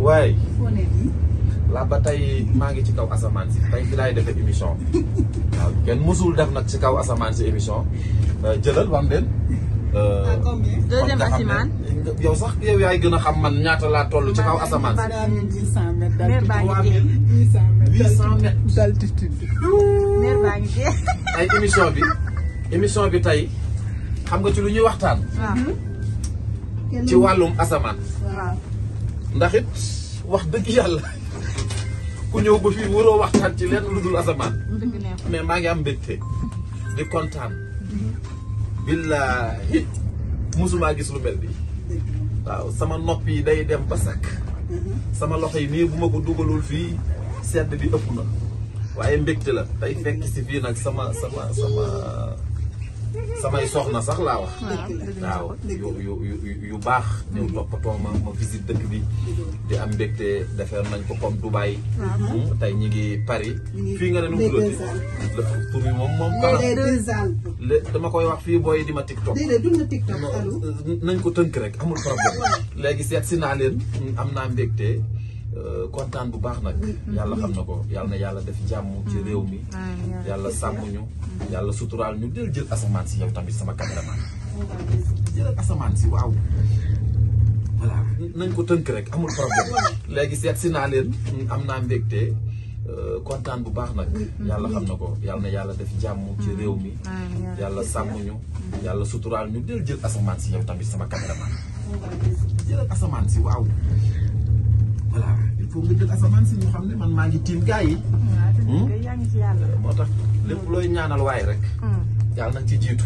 waaye la ba tey maa ngi ci kaw asamaan si tey fi laay defee émission waaw kenn mosul def nag ci kaw asamaan si émission euh, jëlal wan leen. Euh, deuxième asamaan yow sax yow yaay gën a xam man ñaata laa toll ci kaw asamaan si. mer baa ngi dee huit cent mètres d'altitude mer baa ngi dee ay émission bi émission bi tey xam nga ci lu ñuy waxtaan. Hmm? ci wàllum asamaan. ndax it wax dëgg yàlla ku ñëw ba fii waroo waxtaan ci lenn lu dul asamaan. mais maa ngi am mbégte di kontaan. billaahi mosumaa gis lu mel nii. waaw sama nopp yi day dem ba sakk. sama loxo yi nii bu ma ko dugalul fii sedd bi ëpp na waaye mbégte la day fekk si fii nag sama sama sama. samay soxna sax laa wax waaw yu yu yu baax ñoom mhm. toppatoo ma ma visite dëkk bi di am mbégte defar nañ ko comme Dubaï mhm, tey ñi ngi Paris fii nga ne nu mu tuddati pour mi moom moom bala dama koy wax fii booy di ma TikTok euh, nañ ko tënk rek amul problème léegi seet si naa leen am naa mbégte Euh, kontaan bu baax nag mm-hmm. yàlla xam na ko yàlla na yàlla def jàmm ci mm-hmm. réew mi yàlla sàmm mm-hmm. yàlla suturaal ñu del jël asamaan si yow tamit sama caméraman jëlal asamaan si waaw voilà nañ ko tënk rek amul problème léegi seet si naa leen am naa mbégte euh, kontaan bu baax nag yàlla xam na ko yàlla na yàlla def jàmm ci réew mi yàlla sàmm yàlla suturaal ñu del jël asamaan si yow tamit sama caméraman jëlal asamaan si waaw faut nga jël asamaan si ñu xam ne man maa ngi tiim gaa yi. Hmm? Eh, moo tax lépp looy ñaanal waay rek. Hmm. yàlla nañ ci jiitu.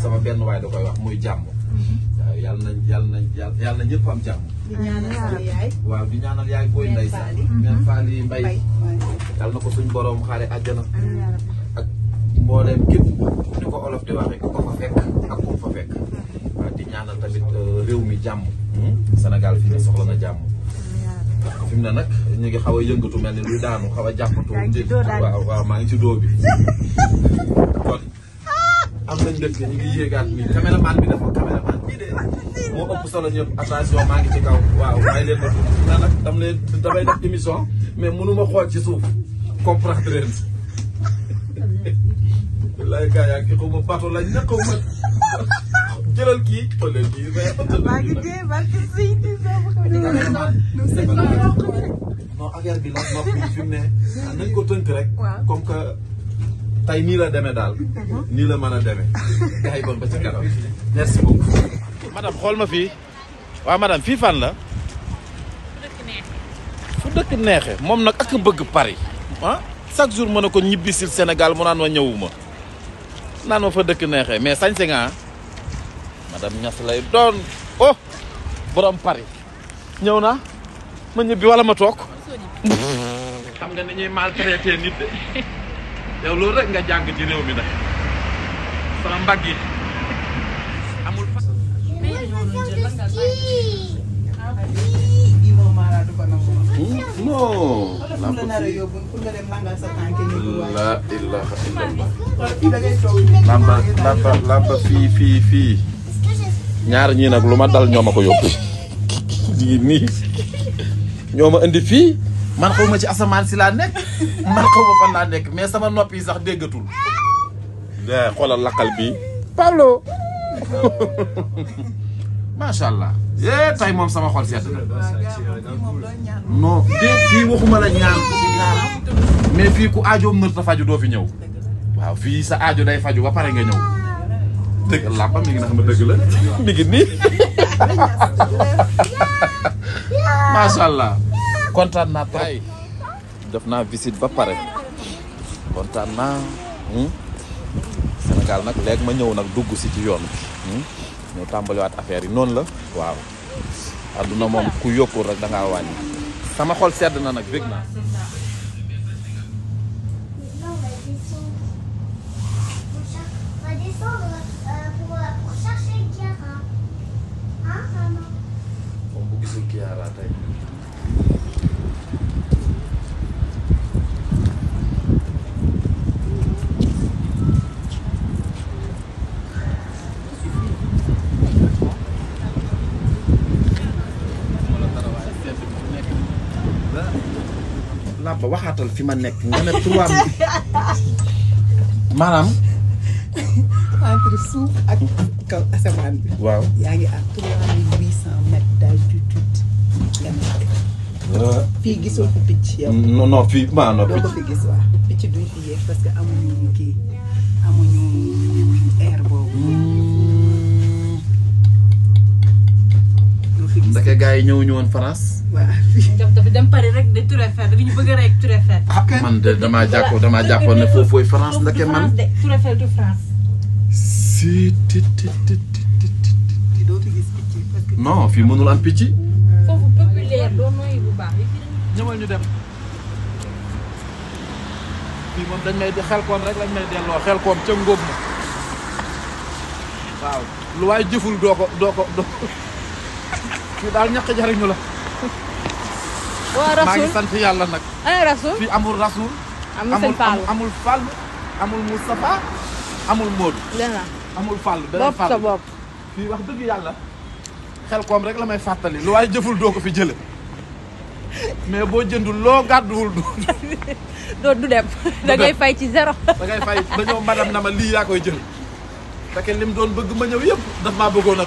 sama benn waay da koy wax muy jàmm. Hmm. waaw yàlla nañ yàlla nañ yàlla na am jàmm. di ñaanal yaay. waaw di ñaanal yaay ndey sax. mère Faly Mbaye yàlla na ko suñ borom xaare àjjana. ak mbooleem képp ni ko olof di waxee ko fa fekk ak ku fa fekk. waaw di ñaanal tamit euh, réew mi jàmm. Sénégal fii ne soxla na jàmm. fi mu ne nag ñu ngi xaw a yëngatu mel ni luy daanu xaw a jàppatu waaw waaw maa ngi ci doo bi kon am nañ dëkk ñu ngi yéegaat nii caméraman bi dafa caméraman bii de moo ëpp solo ñëpp attention maa ngi ci kaw waaw waaye leen ma fi na nag dam leen damay def émission mais mënuma xool ci suuf comprendre leen lay gaa yaa ngi xaw ma bato lañ ne xaw ma jëlal kii wala kii. maa ngi rek. comme nii la demee daal. Mhm. nii la mën a ba ci kanam. xool ma fii waaw madame fii neexee moom nag ak bëgg Paris ah chaque jour mën a ko ñibbisil Sénégal mu naan ma ñëwuma naan ma fa dëkk neexee mais sañse nga madame Niass lay doon oh borom Paris ñëw naa ma ñibbi wala ma toog. xam nga ni ñuy maltraité nit de yow loolu rek nga jàng ci réew mi nag sama mbagg yi amul fa. non. la ilaha illallah. lamba lamba lamba fii fii fii. ñaar ñii nag lu ma dal ñoo ma ko yóbbu lii ma indi fii man xaw ma ci asamaan si laa nekk man xaw ma laa nekk mais sama nopp yi sax déggatul xoolal lakkal bi Pablo macha allah yee tey moom sama xol sedd na non de fii waxuma la ñaan mais fii ku aajoom nër faju doo fi ñëw waaw fii sa aajo day faju ba pare nga ñëw dëgg làmba mi ngi na dëgg la mi ngi nii macha allah kontaan naa trop def naa visite ba pare kontaan naa hmm? Sénégal nag léegi ma ñëw nag dugg si ci yoon mu hmm? ñu tàmbaliwaat affaire yi noonu la waaw adduna moom ku yokkul rek da wàññi sama xol sedd na nag bég naa ba waxaatal fi ma nekk nga ne trois maanaam. entre suuf ak kaw asamaan bi. waaw yaa ngi à trois mille huit cent mètres euh, fii gisoo fi picc yow. non fii maanaam. doo ko fi gis waaw picc duñ fi yéeg parce que amuñu kii ndeke gars yi ñëwuñu woon France. waaw dafa dem Paris rek de a rey Tour Eiffel. ah man ne foofu France ndeke man. non fii mënul am picc. foofu dem. fii moom dañ may xel koom rek lañ may delloo xel koom ca ngóob ma. waaw lu waay jëful doo ko doo ko. fii daal ñàkk jariñu la. yàlla nag. ay amul Rasoul. amul sëñ Fallou amul Fall amul Moustapha amul Modou. amul Fall beneen Fall bopp. fii wax dëgg yàlla xel koom rek la may fàttali lu waaye jëful doo ko fi jële mais boo jëndul loo gàdduwul du. doo du dem da fay ci zéro. da ngay fay dañoo madam na ma lii jël. fekk lim doon bëgg ma ñëw yëpp daf maa bëggoon a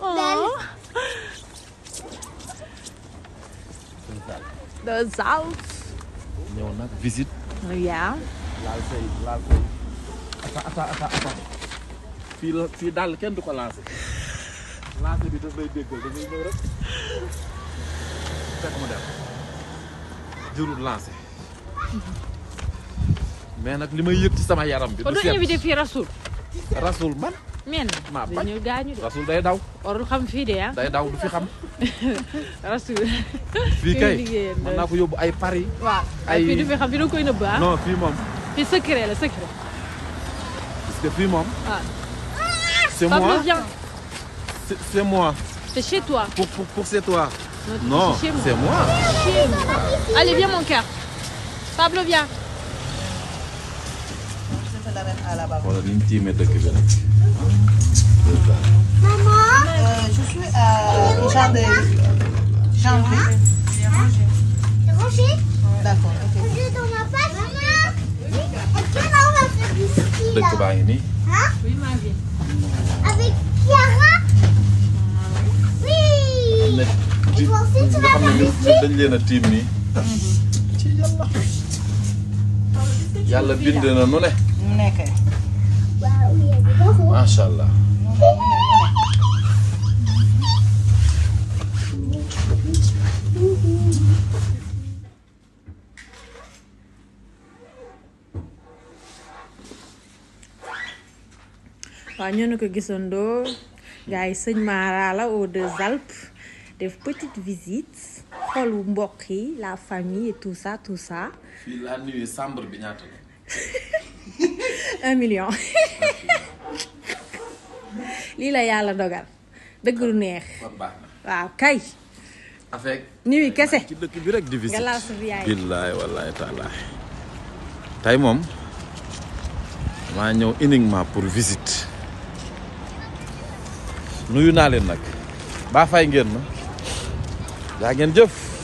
Aww. Deux Alpes. ñëw nag visite. yaa. laal say laal say. attends attends attends. fii la fii daal kenn du ko lancé. lancé bi daf lay déggal da ngay ñëw rek. fekk mu dem. jërul lancé. mais nag li may yëg ci sama yaram bi. du seet kon du invité fii Rasoul. Rasoul man. men maa bañ ñu gaañu de daw. warul xam ah. xam. rasul. ay Paris. waaw ay fii du fi xam fii da koy nëbb ah. non fii moom. c'est moi c'est toi. pour pour toi. non c'est moi. Allez viens mon cœur. Pablo viens. Voilà, l'intime de Québec. Maman euh, Je suis à euh, Jean de... Janvier. Roger D'accord. Roger dans ma place Maman Est-ce que là on va faire du ski là Le Kobarini Hein Oui, ma vie. Avec Chiara Oui Et toi aussi tu vas faire du ski Dañ leen a tiim nii. Ci mhm. yàlla. Yàlla bind na nu ne. nekkee. ñoo na ko gisandoo gars yi sëñ Mara la aux deux Alpes def petite visite xoolu mbokk yi la famille et tout fii la nuyu chambre bi ñaata la. un million lii la yàlla dogal dëgg lu neex. waaw kay. affaire kese. ci dëkk bi rek di visite. billaay wallaay taalaay tey moom maa ñëw uniquement pour visite. nuyu naa leen nag. baa fay ngeen ma. yaa ngeen jëf.